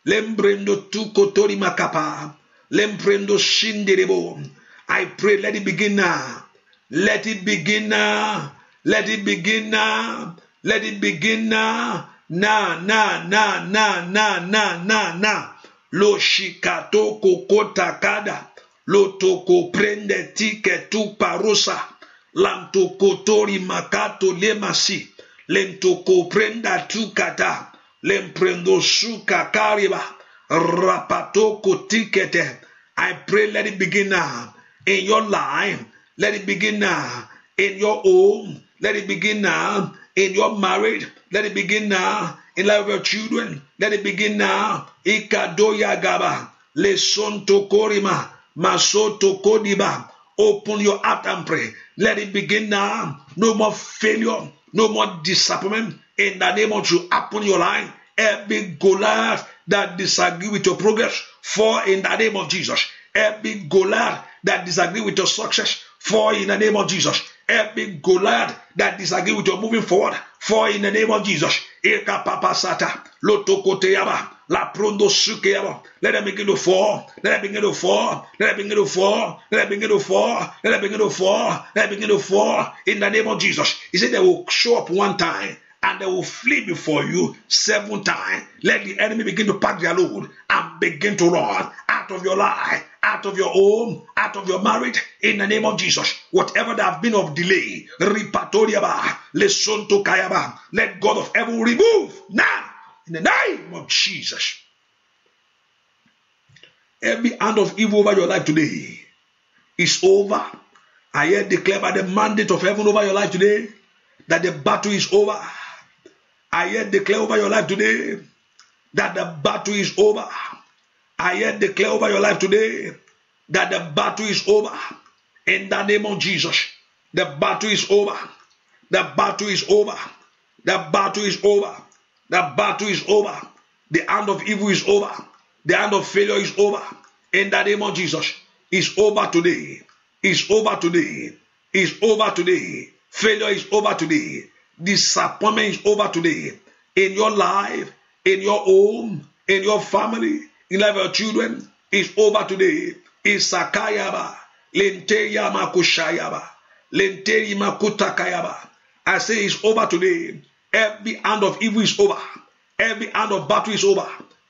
Lembrendo tu kotori makapa. Lembrendo shinderebo. I pray, let it begin now. Let it begin now. Let it begin now. Let it begin now. Na na na na na na na na. Lo shikato kokotakada. takada lotoko prende tike tu parusa lantokotori makato lemasi lentoko prenda tu kata lemprendo suka kariba rapatoko tikete. I pray let it begin now in your life. Let it begin now in your home. Let it begin now in your marriage. Let it begin now in life of your children. Let it begin now. Ikadoya gaba lesonto Masoto Kodiba. Open your heart and pray. Let it begin now. No more failure. No more disappointment. In the name of you, open your line. Every Goliath that disagree with your progress, fall in the name of Jesus. Every Goliath that disagree with your success, fall in the name of Jesus. Every Goliath that disagree with your moving forward, fall in the name of Jesus. Eka papasata, lotokoteyaba, La prondo sukeyaba. Let them begin to fall. Let them begin to fall. Let them begin to fall. Let them begin to fall. Let them begin to fall. Let them begin to fall. In the name of Jesus. He said they will show up one time and they will flee before you seven times. Let the enemy begin to pack their load and begin to run out of your life, out of your home, out of your marriage, in the name of Jesus. Whatever there have been of delay, repatoriaba, lesonto kayaba, let God of heaven remove now in the name of Jesus. Every hand of evil over your life today is over. I yet declare by the mandate of heaven over your life today that the battle is over. I yet declare over your life today that the battle is over. I yet declare over your life today that the battle is over. In the name of Jesus, the battle is over. The battle is over. The battle is over. That battle is over. The hand of evil is over. The hand of failure is over. In the name of Jesus, is over today. Is over today. Is over today. Failure is over today. Disappointment is over today. In your life, in your home, in your family, in life of your children, is over today. Isakayaba, lenteya makushayaba, lenteri makutakayaba. I say it's over today. Every hand of evil is over. Every hand of battle is over.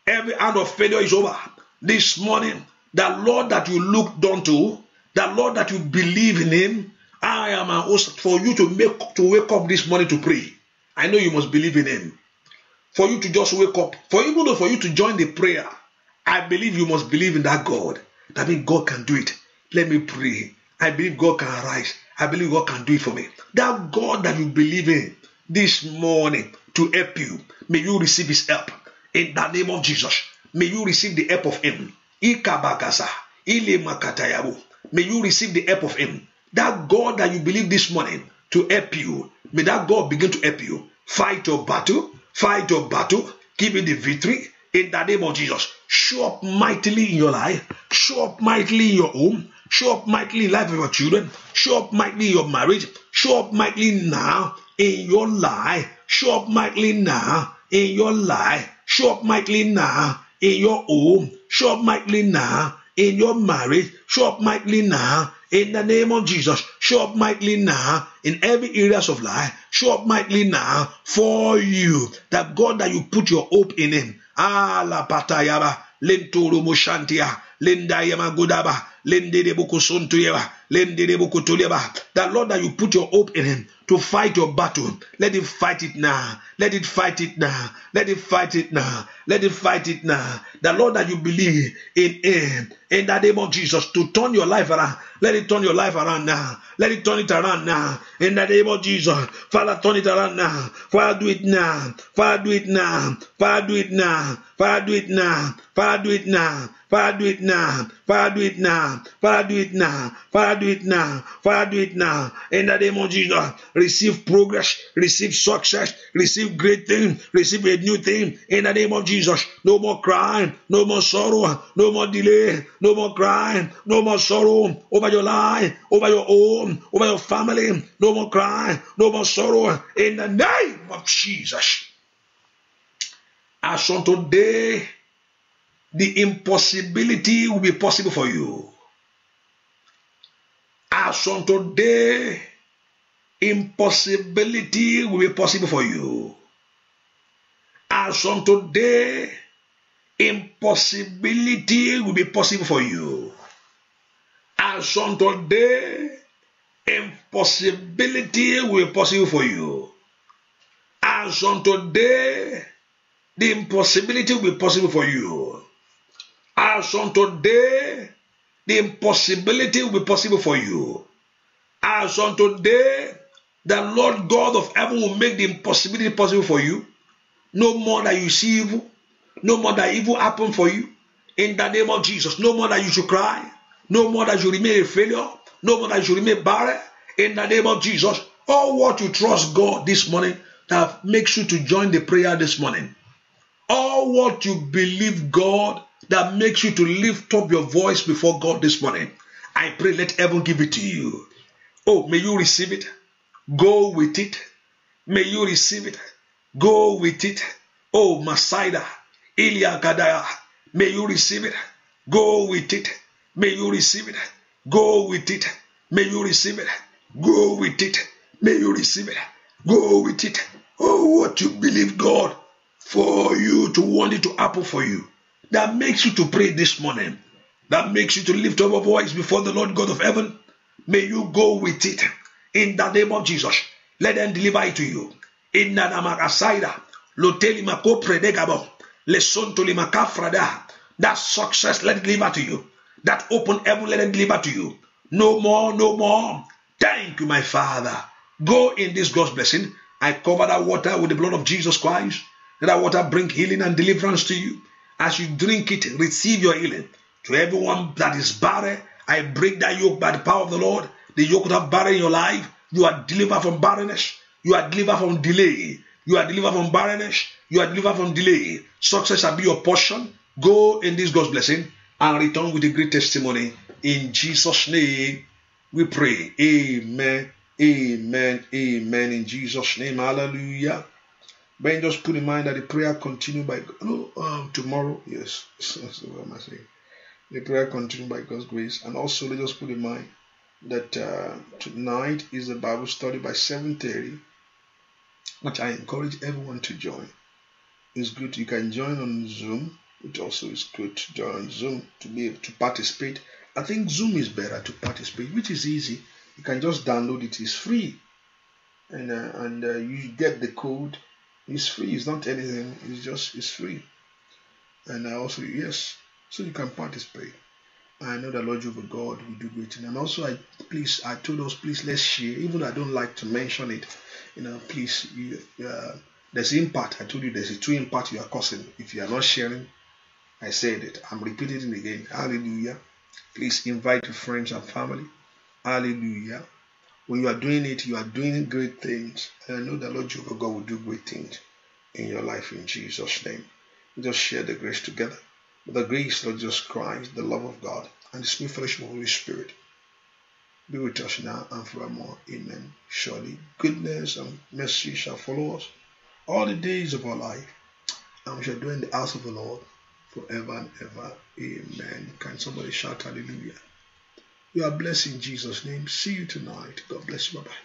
Every hand of failure is over. This morning, the Lord that you looked unto, the Lord that you believe in Him, I am an host for you to make to wake up this morning to pray. I know you must believe in Him. For you to just wake up, for even though for you to join the prayer, I believe you must believe in that God. That means God can do it. Let me pray. I believe God can arise. I believe God can do it for me. That God that you believe in, this morning to help you. May you receive his help in the name of Jesus. May you receive the help of him. Ile May you receive the help of him. That God that you believe this morning to help you, may that God begin to help you. Fight your battle, fight your battle, give you the victory in the name of Jesus. Show up mightily in your life, show up mightily in your home, show up mightily in life of your children, show up mightily in your marriage, show up mightily now in your life. Show up mightily now in your life. Show up mightily now in your home. Show up mightily now in your marriage. Show up mightily now in the name of Jesus. Show up mightily now in every areas of life. Show up mightily now for you. That God that you put your hope in Him. Ala patayaba lentoro moshantia lendayema godaba lendede bokosontoyeba That Lord that you put your hope in Him to fight your battle. Let Him fight it now. Let it fight it now. Let it fight it now. Let it fight it now. The Lord that you believe in Him in the name of Jesus to turn your life around. Let it turn your life around now. Let it turn it around now. In the name of Jesus. Father, turn it around now. Father, do it now. Father, do it now. Father, do it now. Father, do it now. Father, do it now. Father, do it now. Father, do it now. Father, do it now. Father, do it now. Father, do it now. In the name of Jesus, receive progress, receive success, receive great things, receive a new thing. In the name of Jesus, no more crime, no more sorrow, no more delay, no more crime, no more sorrow over your life, over your home, over your family. No more crime, no more sorrow. In the name of Jesus. As on today, the impossibility will be possible for you. As on today, impossibility will be possible for you. As on today, impossibility will be possible for you. As on today, impossibility will be possible for you. As on today, the impossibility will be possible for you. As on today, the impossibility will be possible for you. As on today, the Lord God of heaven will make the impossibility possible for you. No more that you see evil. No more that evil happen for you. In the name of Jesus. No more that you should cry. No more that you remain a failure. No more that you remain barren. In the name of Jesus. All what you trust God this morning that makes you to join the prayer this morning. All what you believe God that makes you to lift up your voice before God this morning. I pray let heaven give it to you. Oh, may you receive it. Go with it. May you receive it. Go with it. Oh, Masaida, Iliakadaya, may you receive it. Go with it. May you receive it. Go with it. May you receive it. Go with it. May you receive it. Go with it. Oh, what you believe God for you to want it to happen for you that makes you to pray this morning, that makes you to lift up a voice before the Lord God of heaven, may you go with it in the name of Jesus. Let them deliver it to you. In Nanamagasaida, Loteli Mako Predegabo, Lesonto Limakafrada, that success let it deliver to you. That open heaven let it deliver to you. No more, no more. Thank you, my Father. Go in this God's blessing. I cover that water with the blood of Jesus Christ. Let that water bring healing and deliverance to you. As you drink it, receive your healing. To everyone that is barren, I break that yoke by the power of the Lord. The yoke that barren in your life, you are delivered from barrenness. You are delivered from delay. You are delivered from barrenness. You are delivered from delay. Success shall be your portion. Go in this God's blessing and return with a great testimony. In Jesus' name, we pray. Amen. Amen. Amen. In Jesus' name. Hallelujah. But just put in mind that the prayer continued by oh, um, tomorrow. Yes, what am I saying? The prayer continued by God's grace. And also, let us put in mind that uh, tonight is a Bible study by 7:30, which I encourage everyone to join. It's good you can join on Zoom. It also is good to join on Zoom to be able to participate. I think Zoom is better to participate, which is easy. You can just download it; it's free, and uh, and uh, you get the code it's free. It's not anything. It's just it's free. And I also yes, so you can participate. I know that Lord Jehovah God will do great And also, I please I told us please let's share. Even I don't like to mention it, you know. Please, you, uh, there's impact. I told you there's a twin impact you are causing if you are not sharing. I said it. I'm repeating it again. Hallelujah. Please invite your friends and family. Hallelujah. When you are doing it, you are doing great things. And I know the Lord your God will do great things in your life in Jesus' name. Just share the grace together. The grace of Jesus Christ, the love of God, and the sweet fellowship of the Holy Spirit be with us now and forevermore. Amen. Surely goodness and mercy shall follow us all the days of our life, and we shall dwell in the house of the Lord forever and ever. Amen. Can somebody shout hallelujah? We are blessed in Jesus' name. See you tonight. God bless you. Bye bye.